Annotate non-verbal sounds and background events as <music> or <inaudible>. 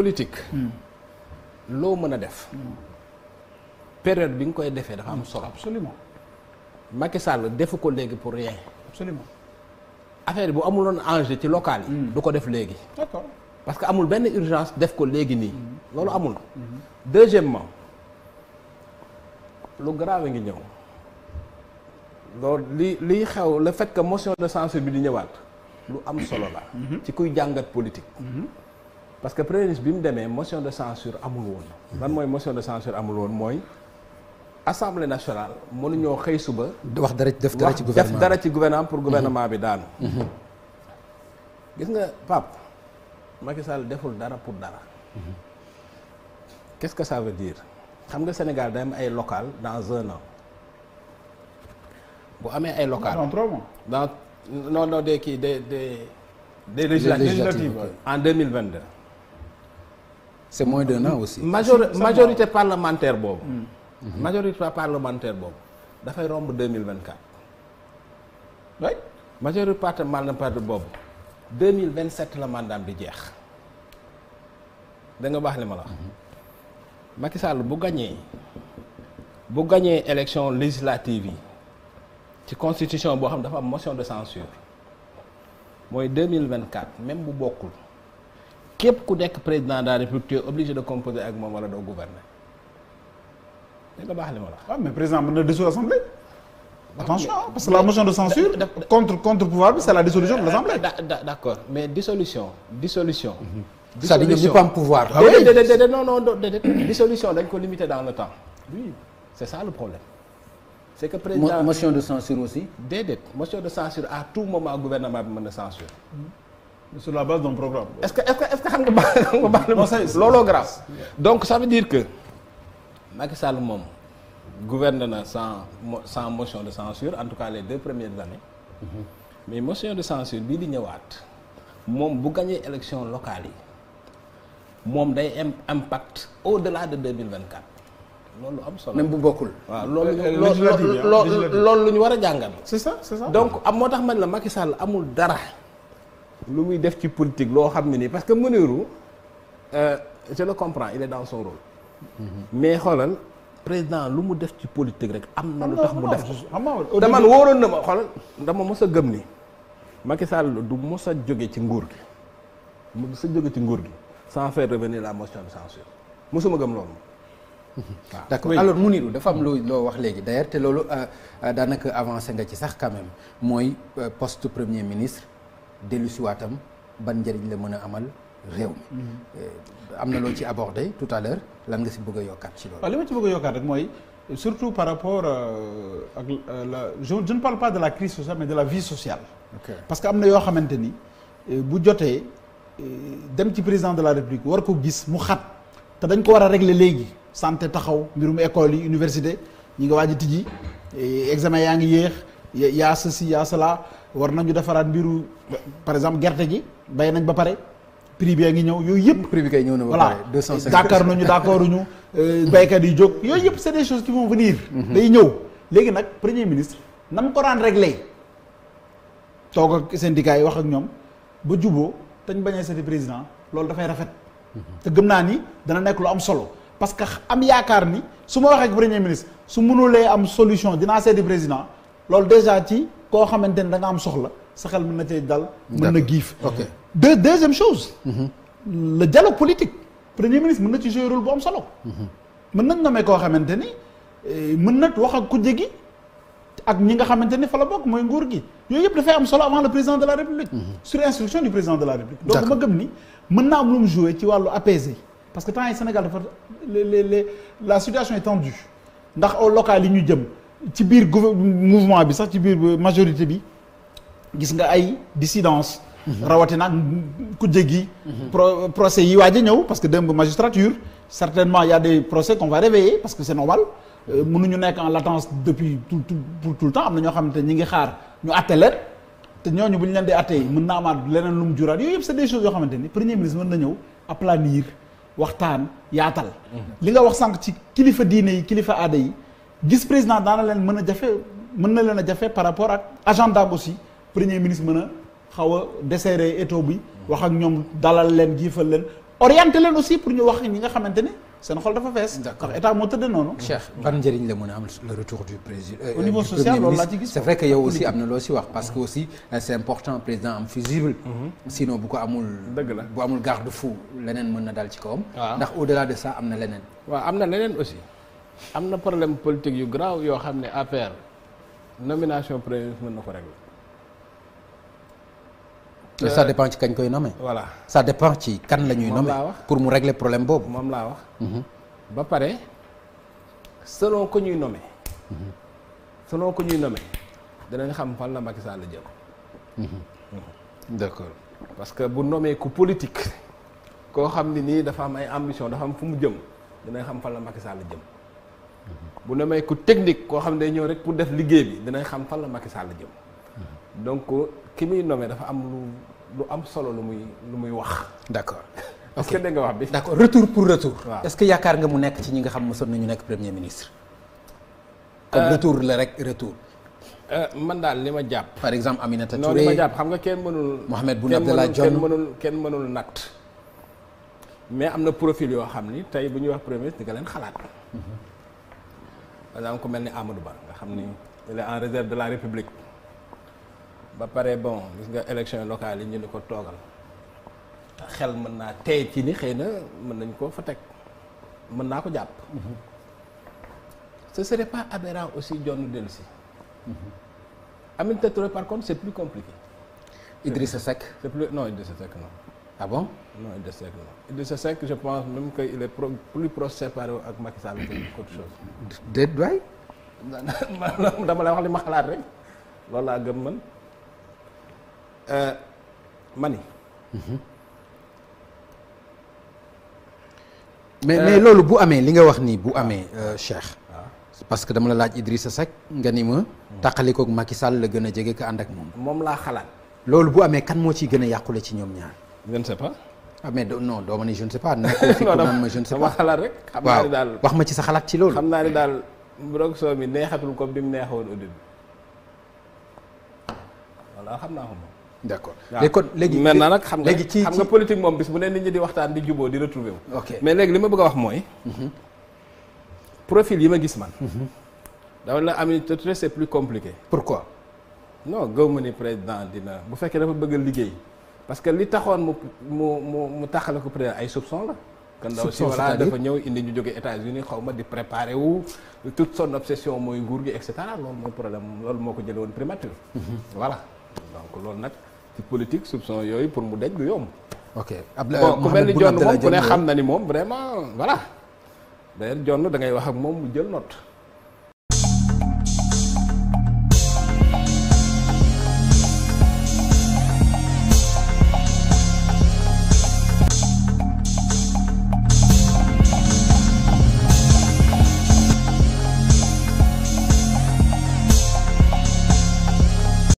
politique. Hmm. loo mën a def. Hmm. période bi nga koy defee dafa am solo. absolument Macky Sall defu ko léegi pour rien. absolument affaire bu amuloon enjeu ci local yi. Hmm. du ko def léegi. d'accord parce que amul benn urgence def ko léegi nii. loolu amul. deuxièmement lu grave ngi ñëw. loolu li liy xew la fait que motion de censure bi di ñëwaat lu am solo la. ci kuy jàngat politique. parce que premier bi mu demee motion de censure amul woon. man mooy motion de censure amul woon mooy. assemblée nationale mënuñoo xëy suba. wax dara def dara ci gouvernement def dara ci gouvernement pour mhm. gouvernement bi daanu. Mhm. Mhm. gis nga Pape Macky deful dara pour dara. que ça veut xam nga Sénégal day am ay local dans un an bu amee ay local dans trois mois dans non non des kii des des. des législatives en deux mille vingt deux c'est moins d'un an aussi. majorité majorité parlementaire boobu. Hmm. Hmm. majorité parlementaire boobu dafay romb deux mille vingt quatre. oui majorité parlementaire boobu deux mille vingt sept la mandaam di jeex danga nga baax li ma la wax. Hmm. bu gañee bu gañee élection législative yi ci constitution boo xam dafa am motion de censure mooy deux mille vingt quatre même bu bokkul. képp ku nekk président de la république tu es obligé de composer ak moom wala doo gouverner dégg nga baax li ma la. waaw mais président mën na dissoudre assemblée. attention parce que la motion de censure contre contre pouvoir bi c'est la dissolution de euh, l'assemblée. d'accord mais dissolution dissolution. Mhm. dissolution c'est-à-dire pas am pouvoir. déedéet ah ah déedéet non non dans le temps. oui c'est ça le problème. c'est que président motion de censure aussi. déedéet motion de censure à tout moment gouvernement bi mën na censure. Mhm. sur la base d'un programme. est-ce que est-ce que xam nga baax looloo grave donc ça veut que Macky Sall moom gouverne na sans sans motion de censure en tout cas les deux premières années. mais motion de censure bii di ñëwaat moom bu gañee élection locale yi moom day am impact au la de 2024. loolu am solo bu bokkul. waaw loolu euh, loolu loolu lu ñu war a jàngal. c'est ça c'est donc am moo tax man la Macky Sall amul dara. lu muy def ci politique loo xam ne nii parce que mu euh, je le comprends il est dans son rôle. mais xoolal président lu mu def ci politique rek am na lu tax mu def ko. man wóoroon na ma xoolal dama mos a gëm ni. Macky Sall du mos a jóge ci nguur gi mu sa jóge ci nguur gi sans faire revenir la motion de censure mosuma gëm loolu. <laughs> waaw d'accord alors Mounirou dafa am loo loo wax léegi d'ailleurs te loolu euh, euh, daanaka avancé nga ci sax quand même mooy poste premier ministre. dellusiwaatam ban njëriñ la mën a amal réew mi. Mhm. Eh, am na loo ci abordé tout à l'heure lan nga si bëgg a yokkaat ci loolu. waaw li ma ci bëgg a yokkaat rek mooy surtout par rapport euh, ak euh, la je je ne parle pas de la crise sociale mais de la vie sociale. parce que am na yoo xamante ni euh, bu jotee dem ci président de la république war ko gis mu xat te dañ ko war a régler léegi santé taxaw mbirum école yi université ñi nga waaj a tijji eh, examen yaa ngi yéex. yaa sa si yaa sala war nañu defaraat mbiru par exemple gerte gi bay nañ ba pare prix bi ngi ñëw yooyu yëpp. prix bi kay ñëw na ba pare deux cent cinquante voilà d'accord nañu d'accord ñu euh, yi jóg yooyu yëpp c'est des choses qui vont venir. Mhm. day ñëw léegi nag premier ministre nam ko daan réglé toog ak syndicat yi wax ak ñoom ba juboo tañ bañee sati président loolu dafay rafet. Mhm. te gëm naa ni dana nekk lu am solo. parce que am yaakaar ni su ma waxee ak premier ministre su mënulee am solution dinaa seeti président. loolu déjà ci koo xamante ne da am soxla sa xel mën na cay dal. mën na giif. ok deux deuxième chose. Mhm. le dialogue politique premier ministre mën na ci jouer rôle bu am solo. Mhm. mën nañ nommer koo xamante ni eh, mën na wax ak kujje gi ak ñi nga xamante ni fa la bokk mooy nguur gi yooyu yëpp dafay am solo avant le président de la république. Mhm. sur instruction du président de la république. donc ma gëm ni mën naa am lu mu jouer ci wàllu apaiser. parce que temps yi Sénégal dafa la la situation est ndax au local yi ñu jëm. ci biir mouvement bi sax ci biir majorité bi gis nga ay dissidence mhm. rawatina ak ku jéggi. Mhm. pro procès yi waaj a ñëw parce que démb magistrature certainement y a des procès qu'on va réveiller parce que c'est normal euh, ñu nekk en latence depuis tout tout tout le temps am na ñoo xamante ñi ngi xaar ñu àtte leen te ñu bu ñu leen di àtte mun mën naa amaat leneen lu mu juraat yooyu yëpp c'est des choses yoo xamante ni premier ministre mën na ñëw aplanir waxtaan yaatal. Mhm. gis président daana leen mën a jafe mën na leen a jafe par rapport ak agenda aussi premier ministre mën a xaw a desserrer étau bi wax ak ñoom dalal leen jiifal leen orienté leen aussi pour ñu wax ñi nga xamante ne seen xol dafa fees. ndax état moo tëdd noonu. Cheikh ban njëriñ la mën a am euh, na loo si wax parce que aussi euh, c'est important président am mhm. la amul garde-fou leneen mën na dal ci kawam. ndax au-delà am na leneen. waaw am na leneen aussi. am na problème politique yu grave yoo xam ne APR nomination premier ministre mën na ko régler. mais ça dépend ci kañ koy nommer. voilà ça dépend ci kan la ñuy nommer. pour mu régler problème boobu. moom laa wax. Mhm. ba pare selon ko ñuy nommer. Mhm. selon ko ñuy nommer danañ xam fan la Macky Sall jëm. Mhm. parce que bu nommer ku politique. koo xam ni nii dafa am ay ambition dafa am fu mu jëm dinañ xam fan la Macky Sall jëm. bu demee ku technique koo xam ne day ñëw rek pour def liggéey bi dinañ xam fan la Macky la jëm. donc ki muy nommé dafa am lu lu am solo lu muy lu muy wax. d' accord <laughs> est ce nga wax bi. d' retour pour retour. waaw est ce que yaakaar nga mu nekk ci ñi nga xam mosoon nañu nekk premier ministre. Euh, comme retour la rek retour. Euh, man daal li ma jàpp. par exemple Aminata Touré non li ma jàpp xam nga kenn mënul. Mohamed Boun Abdallah Dionne kenn mënul kenn mënul natt. mais am na profil yoo xam ni tey bu ñuy wax premier ministre di leen xalaat. Mhm. par exemple ku mel ni Amadou Ba nga xam ni il est en réserve de la République ba pare bon gis nga élection locale yi ñu ni ko toogal xel mën naa tey ci ni xëy na mën nañ koo fa teg mën naa ko jàpp mhm. ce serait pas aberrant aussi jonn dellu si mhm. Aminata Touré par contre c'est plus compliqué Idrissa Seck c'est plus non Idrissa Seck non ah bon non je pense même que il est pro plus proche ak Macky Sall que autre chose. déet <laughs> ma xalaat loolu laa gëm man euh, mhm. mais euh, mais loolu bu amee li nga wax nii bu amee euh, Cheikh. parce que dama la laaj Idrissa Seck nga ni ma. Hmm. taqali koog Macky Sall la gën a jege ko ànd ak moom. moom laa xalaat. loolu bu amee kan moo ciy gën a yàqule ci ñoom ñaar. je ne ah, mais ma ni je ne sais pas <laughs> nekkul fi ku ma je ne wax ma ci sa xalaat ci loolu. xam naa ni daal Broxo mi neexatul comme bi mu neexoon xam naa ko moom. d' accord léegi kon léegi nag xam nga xam nga politique moom bis bu ne nit di waxtaan di juboo di retrouver wu. ok mais léegi li ma bëgg a wax mooy. Mhm. profil yi ma gis man. Mhm. dama la am te c' est plus compliqué. quoi non gëw ma ni président dina bu fekkee dafa bëgg liggéey. parce que li taxoon mu mu mu mu taxale ko président ay soupçon la. kan ndaw si voilà dafa ñëw indi ñu jóge États-Unis xaw ma di préparer wu toute son obsession mooy nguur gi et cetera loolu mooy problème loolu moo ko jële woon primature. Mhm. voilà donc loolu nag ci politique soupçon yooyu pour mu daj du yomb. ok Abdoulaye ku mel ni John moom ku ne xam na ni moom vraiment voilà d'ailleurs jonn da ngay wax ak moom mu jël note.